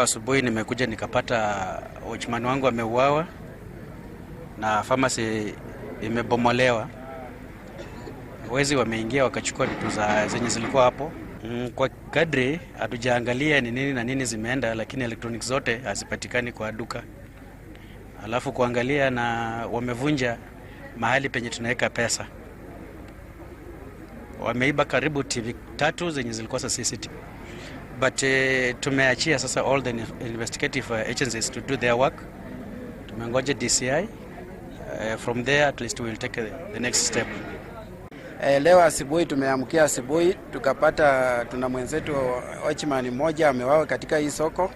leo asubuhi nimekuja nikapata uh, wachimani wangu ameuawa na famasi imebomolewa, wezi wameingia wakachukua vitu za zenye zilikuwa hapo. Mm, kwa kadri hatujaangalia ni nini na nini zimeenda, lakini electronics zote hazipatikani kwa duka, alafu kuangalia na wamevunja mahali penye tunaweka pesa, wameiba karibu TV tatu zenye zilikuwa za CCTV but uh, tumeachia sasa all the investigative uh, agencies to do their work. Tumengoja DCI uh, eh, from there at least we'll take the next step. Eh, leo asubuhi tumeamkia asubuhi tukapata tuna mwenzetu ochman mmoja amewawa katika hii soko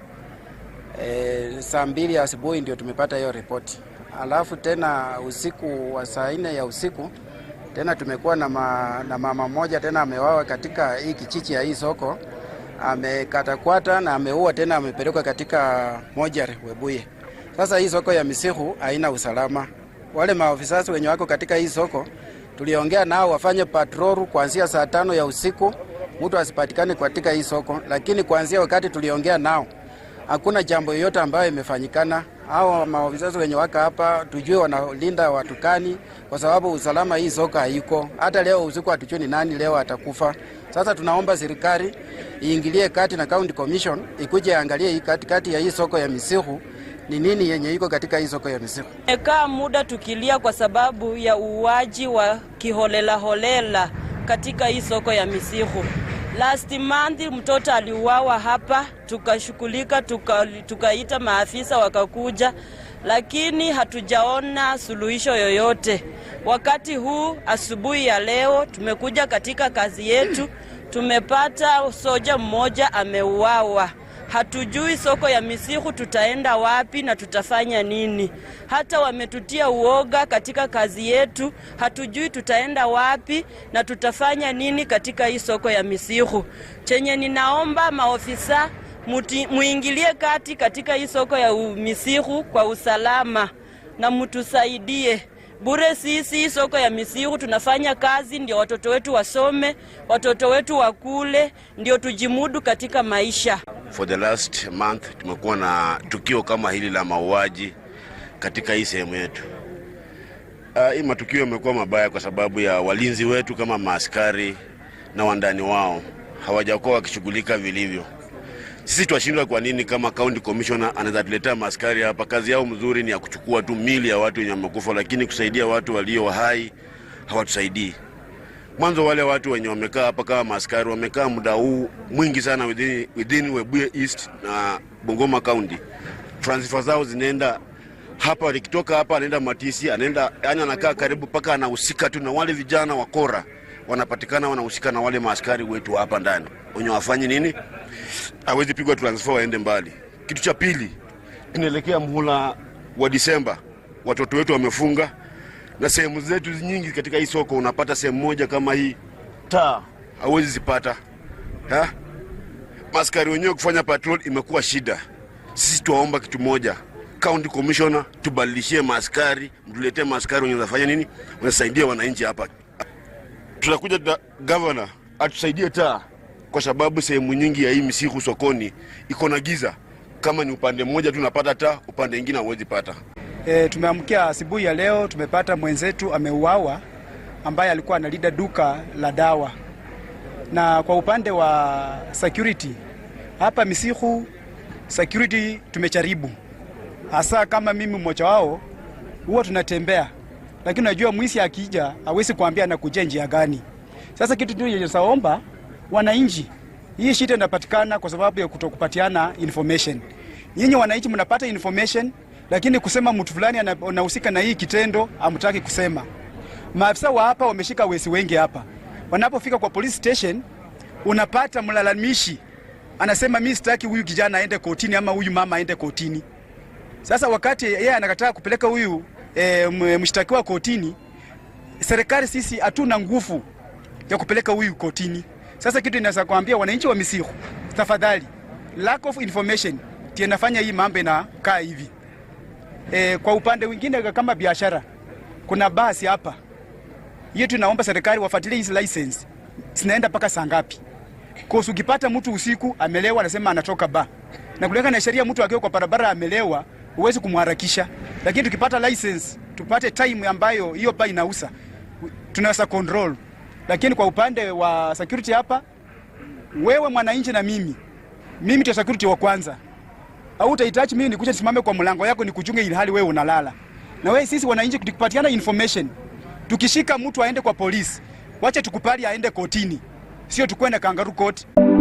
eh, saa mbili asubuhi ndio tumepata hiyo ripoti, alafu tena usiku wa saa nne ya usiku tena tumekuwa na, ma, na mama mmoja tena amewawa katika hii kichichi ya hii soko amekatakwata na ameua tena, amepelekwa katika mojari Webuye. Sasa hii soko ya Misihu haina usalama. Wale maofisa wenye wako katika hii soko tuliongea nao wafanye patrolu kuanzia saa tano ya usiku, mtu asipatikane katika hii soko, lakini kuanzia wakati tuliongea nao hakuna jambo yoyote ambayo imefanyikana hawa maofisazi wenye waka hapa tujue wanalinda watukani, kwa sababu usalama hii soka haiko. Hata leo usiku hatujue ni nani leo atakufa. Sasa tunaomba serikali iingilie kati na county commission ikuje angalie hii kati kati ya hii soko ya misihu ni nini yenye iko katika hii soko ya misihu. Ekaa muda tukilia kwa sababu ya uuaji wa kiholela holela katika hii soko ya misihu. Last month mtoto aliuawa hapa, tukashughulika, tukaita tuka maafisa wakakuja, lakini hatujaona suluhisho yoyote. Wakati huu asubuhi ya leo tumekuja katika kazi yetu, tumepata soja mmoja ameuawa. Hatujui soko ya Misihu tutaenda wapi na tutafanya nini. Hata wametutia uoga katika kazi yetu, hatujui tutaenda wapi na tutafanya nini katika hii soko ya Misihu. Chenye ninaomba maofisa muti, muingilie kati katika hii soko ya Misihu kwa usalama na mtusaidie bure. Sisi soko ya misiru tunafanya kazi ndio watoto wetu wasome, watoto wetu wakule, ndio tujimudu katika maisha. For the last month tumekuwa na tukio kama hili la mauaji katika hii sehemu yetu. Uh, hii matukio yamekuwa mabaya kwa sababu ya walinzi wetu kama maaskari na wandani wao hawajakuwa wakishughulika vilivyo. Sisi twashindwa kwa nini? Kama county commissioner anaweza tuletea maskari hapa, kazi yao mzuri ni ya kuchukua tu mili ya watu wenye wamekufa, lakini kusaidia watu walio hai hawatusaidii. Mwanzo wale watu wenye wamekaa hapa kama maskari wamekaa muda huu mwingi sana within, within Webuye East na Bungoma County, transfer zao zinaenda hapa, likitoka hapa anaenda Matisi, anaenda yani, anakaa karibu mpaka anahusika tu na wale vijana wakora wanapatikana wanahusika na wale maaskari wetu hapa ndani wenye wafanyi nini, hawezi pigwa transfer waende mbali. Kitu cha pili, tunaelekea mhula wa Disemba, watoto wetu wamefunga, na sehemu zetu nyingi katika hii soko unapata sehemu moja kama hii taa hawezi zipata ha? Maskari wenyewe kufanya patrol imekuwa shida. Sisi tuwaomba kitu moja, County Commissioner, tubadilishie maskari, mtuletee maskari wenye wanafanya nini, wanasaidia wananchi hapa tutakuja tuta, gavana atusaidie taa, kwa sababu sehemu nyingi ya hii misiku sokoni iko na giza. Kama ni upande mmoja tu unapata taa, upande mwingine hauwezi pata. E, tumeamkia asubuhi ya leo tumepata mwenzetu ameuawa, ambaye alikuwa analida duka la dawa. Na kwa upande wa security hapa Misihu, security tumecharibu, hasa kama mimi mmoja wao, huwa tunatembea lakini unajua mwisi akija hawezi kuambia anakuja njia gani. Sasa kitu tu yeyosaomba wananchi, hii shida inapatikana kwa sababu ya kutokupatiana information. Nyinyi wananchi mnapata information, lakini kusema mtu fulani anahusika na hii kitendo amtaki kusema. Maafisa wa hapa wameshika wesi wengi hapa, wanapofika kwa police station unapata mlalamishi anasema mimi sitaki huyu kijana aende kotini ama huyu mama aende kotini. Sasa wakati yeye anakataa kupeleka huyu e, mshtakiwa kotini, serikali sisi hatuna nguvu ya kupeleka huyu kotini. Sasa kitu inaweza kuambia wananchi wa Misikhu, tafadhali, lack of information tie nafanya hii mambo na kaa hivi. E, kwa upande mwingine kama biashara, kuna basi hapa yetu, naomba serikali wafuatilie hizi license zinaenda mpaka saa ngapi, kwa ukipata mtu usiku amelewa, anasema anatoka ba na kulingana na sheria, mtu akiwa kwa barabara amelewa, huwezi kumharakisha lakini tukipata license, tupate time ambayo hiyo bar inausa, tunaweza control. Lakini kwa upande wa security hapa, wewe mwananchi na mimi, mimi tu security wa kwanza, au utahitaji mimi nikuje nisimame kwa mlango yako nikuchunge ili hali wewe unalala. Na wewe sisi wananchi tukipatiana information, tukishika mtu aende kwa polisi, wache tukupali aende kotini, sio tukwenda kangaroo court.